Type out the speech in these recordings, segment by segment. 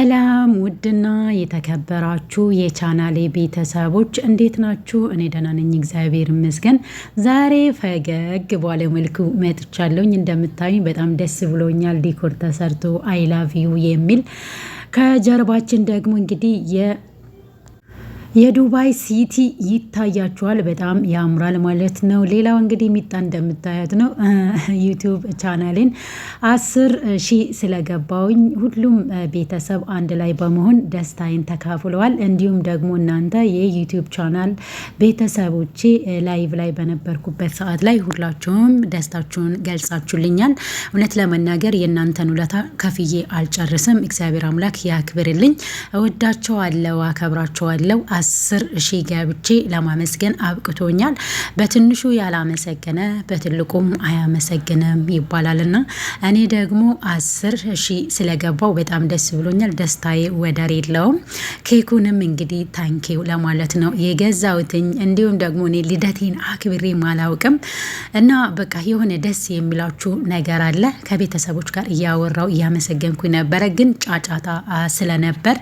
ሰላም ውድና የተከበራችሁ የቻናሌ ቤተሰቦች እንዴት ናችሁ? እኔ ደህና ነኝ፣ እግዚአብሔር ይመስገን። ዛሬ ፈገግ ባለ መልኩ መጥቻለሁኝ። እንደምታዩኝ በጣም ደስ ብሎኛል። ዲኮር ተሰርቶ አይላቪዩ የሚል ከጀርባችን ደግሞ እንግዲህ የዱባይ ሲቲ ይታያችኋል። በጣም ያምራል ማለት ነው። ሌላው እንግዲህ ሚጣ እንደምታያት ነው። ዩቲዩብ ቻናሌን አስር ሺህ ስለገባውኝ ሁሉም ቤተሰብ አንድ ላይ በመሆን ደስታዬን ተካፍለዋል። እንዲሁም ደግሞ እናንተ የዩቱብ ቻናል ቤተሰቦቼ ላይቭ ላይ በነበርኩበት ሰዓት ላይ ሁላችሁም ደስታችሁን ገልጻችሁልኛል። እውነት ለመናገር የእናንተን ውለታ ከፍዬ አልጨርስም። እግዚአብሔር አምላክ ያክብርልኝ። እወዳቸዋለሁ፣ አከብራቸዋለሁ። አስር ሺ ገብቼ ለማመስገን አብቅቶኛል። በትንሹ ያላመሰገነ በትልቁም አያመሰግንም ይባላል እኔ ደግሞ አስር ሺ ስለገባው በጣም ደስ ብሎኛል። ደስታዬ ወደር የለውም። ኬኩንም እንግዲህ ታንኪው ለማለት ነው የገዛውትኝ። እንዲሁም ደግሞ እኔ ልደቴን አክብሬ ማላውቅም እና በቃ የሆነ ደስ የሚላችሁ ነገር አለ። ከቤተሰቦች ጋር እያወራው እያመሰገንኩ ነበረ፣ ግን ጫጫታ ስለነበር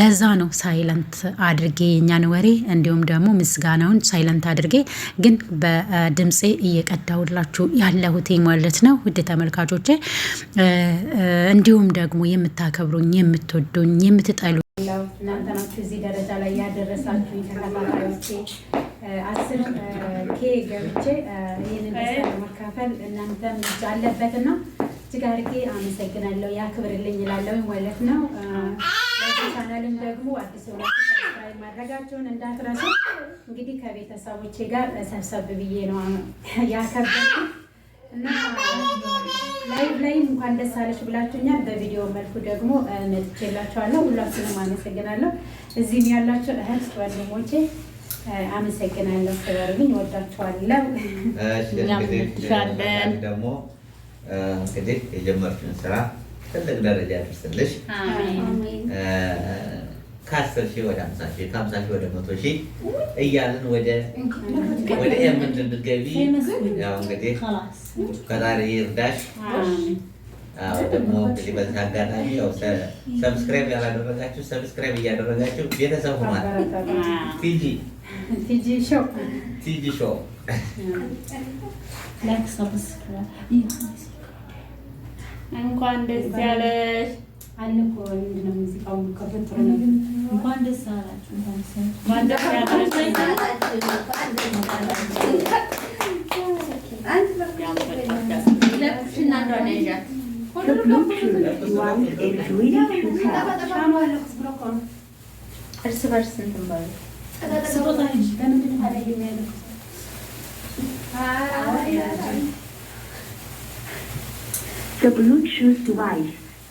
ለዛ ነው ሳይለንት አድርጌ የእኛን ወሬ እንዲሁም ደግሞ ምስጋናውን ሳይለንት አድርጌ ግን በድምፄ እየቀዳውላችሁ ያለሁት ማለት ነው። ውድ ተመልካቾቼ እንዲሁም ደግሞ የምታከብሩኝ፣ የምትወዱኝ፣ የምትጠሉ እናንተ ናችሁ እዚህ ደረጃ ላይ ያደረሳችሁ ተከታታዮቼ አስር ኬ ገብቼ ይህንን መካፈል እናንተም አለበትና ጅጋርጌ አመሰግናለሁ። ያክብርልኝ ይላለሁ ማለት ነው። ቻናልም ደግሞ አዲስ ሆናችሁ ማድረጋቸውን እንዳትረሱ። እንግዲህ ከቤተሰቦቼ ጋር ሰብሰብ ብዬ ነው ያከበርኩት እና ላይቭ ላይ እንኳን ደስ አለች ብላችሁኛል። በቪዲዮ መልኩ ደግሞ መጥቼላችኋለሁ። ሁላችሁንም አመሰግናለሁ። እዚህም ያላቸው እህት ወንድሞቼ አመሰግናለሁ። ክበሩልኝ። ወዳችኋለሁ። ደግሞ እንግዲህ የጀመርችን ስራ ትልቅ ደረጃ ያደርስልሽ። ከአስር ሺህ ወደ ሀምሳ ሺህ ከሀምሳ ሺህ ወደ መቶ ሺህ እያልን ወደ ወደ ኤም እንድንገቢ ያው እንግዲህ ከዛሬ እርዳሽ ደግሞ እንግዲህ በዚህ አጋጣሚ ያው ሰብስክራይብ ያላደረጋችሁ ሰብስክራይብ እያደረጋችሁ ቤተሰብ ሆኗል። ቲጂ ፊጂ ሾው ቲጂ ሾው እንኳን ደስ ያለሽ። አለ እኮ ምንድነው ሙዚቃው ከፈጥሮ ነገር እንኳን ደስ አላችሁ፣ እንኳን ደስ እርስ በርስ እንትን በሉ The Bluetooth device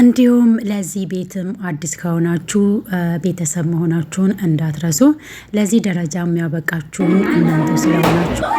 እንዲሁም ለዚህ ቤትም አዲስ ከሆናችሁ ቤተሰብ መሆናችሁን እንዳትረሱ። ለዚህ ደረጃ የሚያበቃችሁን እናንተ ስለሆናችሁ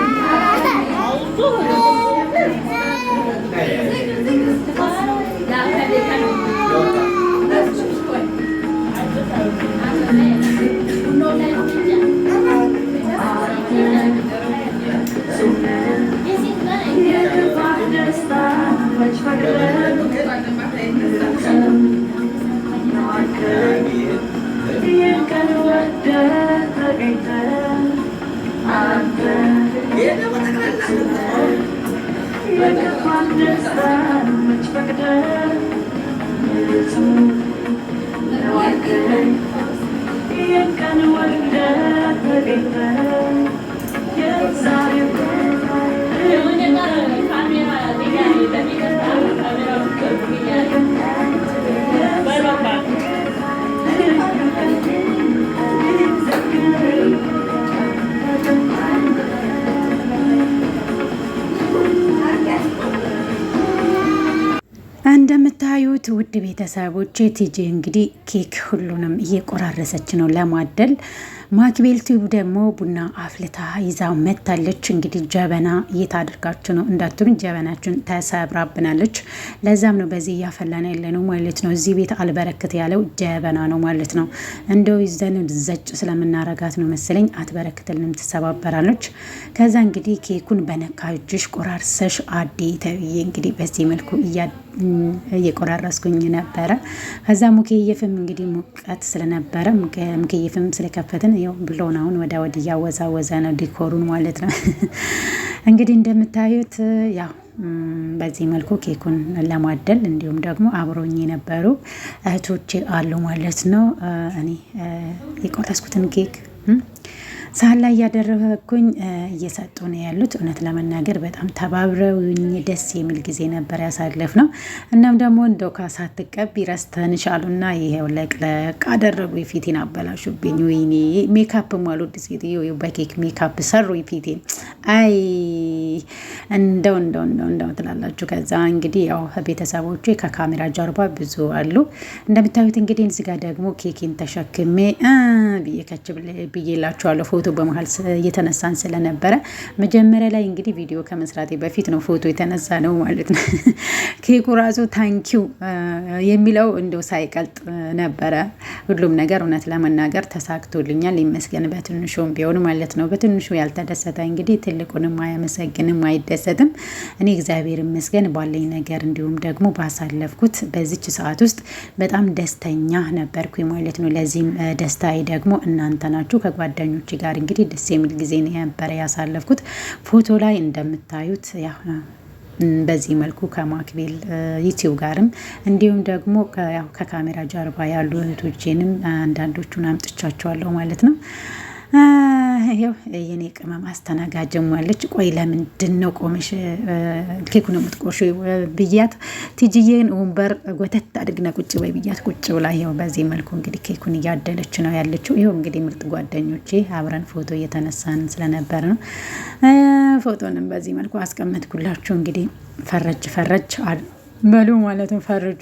I'm የምታዩት ውድ ቤተሰቦች ቲጂ እንግዲህ ኬክ ሁሉንም እየቆራረሰች ነው ለማደል ማክቤልቱ ደግሞ ቡና አፍልታ ይዛው መታለች። እንግዲህ ጀበና የት አድርጋችሁ ነው እንዳትሉኝ፣ ጀበናችን ተሰብራብናለች። ለዛም ነው በዚህ እያፈላን ያለ ነው ማለት ነው። እዚህ ቤት አልበረክት ያለው ጀበና ነው ማለት ነው። እንደው ይዘን ዘጭ ስለምናረጋት ነው መሰለኝ አትበረክትልንም፣ ትሰባበራለች። ከዛ እንግዲህ ኬኩን በነካ እጅሽ ቆራርሰሽ አዴ ተብዬ እንግዲህ በዚህ መልኩ እያ እየቆራረስኩኝ ነበረ። ከዛ ሙኬየፍም እንግዲህ ሙቀት ስለነበረ ሙኬየፍም ስለከፈትን ያው ብሎን አሁን ወዳወድ እያወዛወዘ ነው ዲኮሩን ማለት ነው። እንግዲህ እንደምታዩት ያው በዚህ መልኩ ኬኩን ለማደል እንዲሁም ደግሞ አብሮኝ የነበሩ እህቶቼ አሉ ማለት ነው። እኔ የቆረስኩትን ኬክ ሳህን ላይ እያደረኩኝ እየሰጡ ነው ያሉት። እውነት ለመናገር በጣም ተባብረውኝ ደስ የሚል ጊዜ ነበር ያሳለፍ ነው። እናም ደግሞ እንደው ካሳ አትቀቢ ረስተንሽ አሉና ይሄው ለቅለቅ አደረጉ። ፊቴን አበላሹብኝ። ወይኔ ሜካፕ ማልወድ ሴትዮ በኬክ ሜካፕ ሰሩ ፊቴን። አይ እንደው እንደው እንደው እንደው ትላላችሁ። ከዛ እንግዲህ ያው ቤተሰቦቹ ከካሜራ ጀርባ ብዙ አሉ እንደምታዩት። እንግዲህ እዚህ ደግሞ ኬኬን ተሸክሜ ብዬ ከች ብዬላችኋለሁ ፎቶ በመሀል እየተነሳን ስለነበረ መጀመሪያ ላይ እንግዲህ ቪዲዮ ከመስራቴ በፊት ነው ፎቶ የተነሳ ነው ማለት ነው። ኬኩ ራሱ ታንኪው የሚለው እንደው ሳይቀልጥ ነበረ። ሁሉም ነገር እውነት ለመናገር ተሳክቶልኛል ይመስገን። በትንሹም ቢሆን ማለት ነው። በትንሹ ያልተደሰተ እንግዲህ ትልቁንም አያመሰግንም አይደሰትም። እኔ እግዚአብሔር ይመስገን ባለኝ ነገር እንዲሁም ደግሞ ባሳለፍኩት በዚች ሰዓት ውስጥ በጣም ደስተኛ ነበርኩ ማለት ነው። ለዚህም ደስታዬ ደግሞ እናንተ ናችሁ ከጓደኞች ጋር ጋር እንግዲህ ደስ የሚል ጊዜ ነበረ ያሳለፍኩት። ፎቶ ላይ እንደምታዩት በዚህ መልኩ ከማክቤል ዩቲዩብ ጋርም እንዲሁም ደግሞ ከካሜራ ጀርባ ያሉ እህቶቼንም አንዳንዶቹን አምጥቻቸዋለሁ ማለት ነው። ይኸው የኔ ቅመም አስተናጋጀም ዋለች። ቆይ ለምንድን ነው ቆመሽ ኬኩን የምትቆርሺው ብያት፣ ቲጂዬን ወንበር ጎተት አድግና ቁጭ በይ ብያት ቁጭ ብላ ይኸው በዚህ መልኩ እንግዲህ ኬኩን እያደለች ነው ያለችው። ይኸው እንግዲህ ምርጥ ጓደኞቼ አብረን ፎቶ እየተነሳን ስለነበር ነው ፎቶንም በዚህ መልኩ አስቀመጥኩላችሁ። እንግዲህ ፈረጅ ፈረጅ በሉ ማለትም ፈርጁ።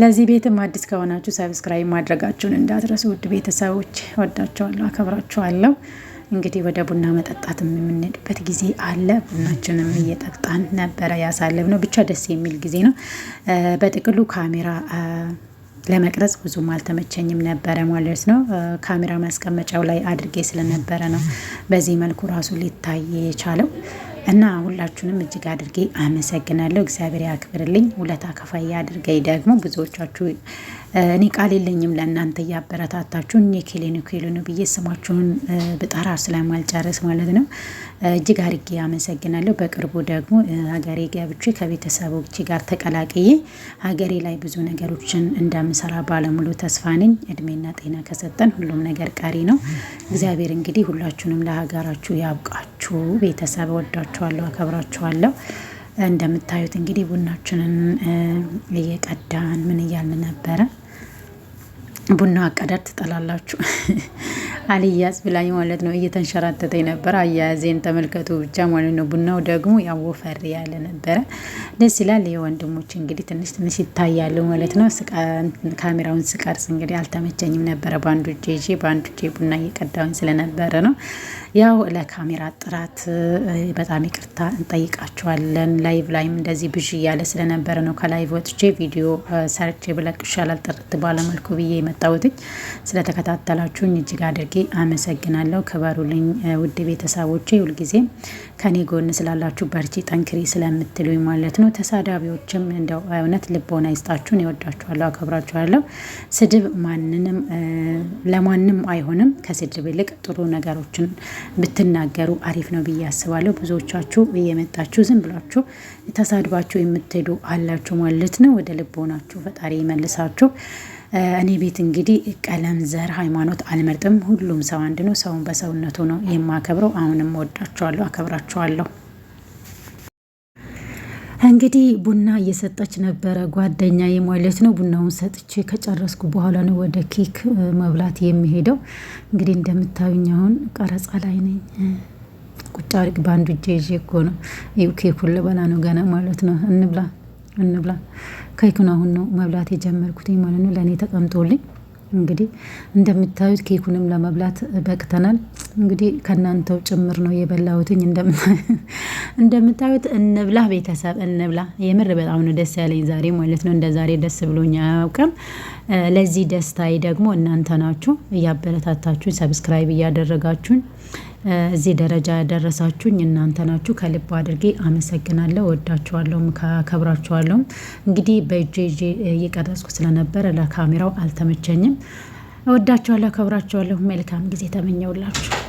ለዚህ ቤትም አዲስ ከሆናችሁ ሰብስክራይብ ማድረጋችሁን እንዳትረሱ። ውድ ቤተሰቦች ወዳችኋለሁ፣ አከብራችኋለሁ። እንግዲህ ወደ ቡና መጠጣትም የምንሄድበት ጊዜ አለ። ቡናችንም እየጠጣን ነበረ ነው። ብቻ ደስ የሚል ጊዜ ነው። በጥቅሉ ካሜራ ለመቅረጽ ብዙም አልተመቸኝም ነበረ ማለት ነው። ካሜራ ማስቀመጫው ላይ አድርጌ ስለነበረ ነው በዚህ መልኩ ራሱ ሊታይ የቻለው። እና ሁላችሁንም እጅግ አድርጌ አመሰግናለሁ። እግዚአብሔር ያክብርልኝ። ውለታ ከፋይ አድርገኝ። ደግሞ ብዙዎቻችሁ እኔ ቃል የለኝም ለእናንተ እያበረታታችሁ የኬሌኑ ኬሌኑ ብዬ ስማችሁን ብጠራ ስለማልጨርስ ማለት ነው። እጅግ አርጌ አመሰግናለሁ። በቅርቡ ደግሞ ሀገሬ ገብቼ ከቤተሰቦች ጋር ተቀላቅዬ ሀገሬ ላይ ብዙ ነገሮችን እንደምሰራ ባለሙሉ ተስፋ ነኝ። እድሜና ጤና ከሰጠን ሁሉም ነገር ቀሪ ነው። እግዚአብሔር እንግዲህ ሁላችሁንም ለሀገራችሁ ያብቃችሁ። ቤተሰብ ወዳችኋለሁ፣ አከብራችኋለሁ። እንደምታዩት እንግዲህ ቡናችንን እየቀዳን ምን እያልን ነበረ ቡና አቀዳድ ትጠላላችሁ። አልያዝ ብላኝ ማለት ነው። እየተንሸራተተኝ ነበር። አያያዜን ተመልከቱ ብቻ ማለት ነው። ቡናው ደግሞ ያው ወፈር ያለ ነበረ። ደስ ይላል። የወንድሞች እንግዲህ ትንሽ ትንሽ ይታያሉ ማለት ነው። ካሜራውን ስቀርጽ እንግዲህ አልተመቸኝም ነበረ። በአንዱ እጄ ይዤ በአንዱ እጄ ቡና እየቀዳውኝ ስለነበረ ነው። ያው ለካሜራ ጥራት በጣም ይቅርታ እንጠይቃችኋለን። ላይቭ ላይም እንደዚህ ብዥ እያለ ስለነበረ ነው ከላይቭ ወጥቼ ቪዲዮ ሰርቼ ብለቅ ይሻላል ጥርት ባለመልኩ ብዬ የመጣሁትኝ። ስለተከታተላችሁኝ እጅግ አድርጌ አድርጌ አመሰግናለሁ። ክበሩልኝ ውድ ቤተሰቦቼ፣ ሁልጊዜ ከኔ ጎን ስላላችሁ በርቺ፣ ጠንክሪ ስለምትሉኝ ማለት ነው። ተሳዳቢዎችም እንደው እውነት ልቦና ይስጣችሁን። ይወዳችኋለሁ፣ አከብራችኋለሁ። ስድብ ማንንም ለማንም አይሆንም። ከስድብ ይልቅ ጥሩ ነገሮችን ብትናገሩ አሪፍ ነው ብዬ አስባለሁ። ብዙዎቻችሁ እየመጣችሁ ዝም ብላችሁ ተሳድባችሁ የምትሄዱ አላችሁ ማለት ነው። ወደ ልቦናችሁ ፈጣሪ ይመልሳችሁ። እኔ ቤት እንግዲህ ቀለም፣ ዘር፣ ሃይማኖት አልመርጥም። ሁሉም ሰው አንድ ነው። ሰውን በሰውነቱ ነው የማከብረው። አሁንም ወዳቸዋለሁ፣ አከብራቸዋለሁ። እንግዲህ ቡና እየሰጠች ነበረ ጓደኛ ማለት ነው። ቡናውን ሰጥቼ ከጨረስኩ በኋላ ነው ወደ ኬክ መብላት የሚሄደው። እንግዲህ እንደምታዩኝ አሁን ቀረጻ ላይ ነኝ። ቁጫሪቅ በአንዱ እጄ ይዤ እኮ ነው ኬኩን ልበላ ነው ገና ማለት ነው። እንብላ እንብላ። ኬኩን አሁን ነው መብላት የጀመርኩትኝ ማለት ነው። ለእኔ ተቀምጦልኝ እንግዲህ እንደምታዩት ኬኩንም ለመብላት በቅተናል። እንግዲህ ከእናንተው ጭምር ነው የበላሁትኝ። እንደምታዩት እንብላ፣ ቤተሰብ እንብላ። የምር በጣም ነው ደስ ያለኝ ዛሬ ማለት ነው። እንደ ዛሬ ደስ ብሎኝ አያውቅም። ለዚህ ደስታዬ ደግሞ እናንተ ናችሁ፣ እያበረታታችሁን፣ ሰብስክራይብ እያደረጋችሁን እዚህ ደረጃ ያደረሳችሁኝ እናንተ ናችሁ። ከልብ አድርጌ አመሰግናለሁ። ወዳችኋለሁም ከብራችኋለሁም። እንግዲህ በእጄ እጄ እየቀረጽኩ ስለነበረ ለካሜራው አልተመቸኝም። ወዳችኋለሁ፣ ከብራችኋለሁ። መልካም ጊዜ ተመኘውላችሁ።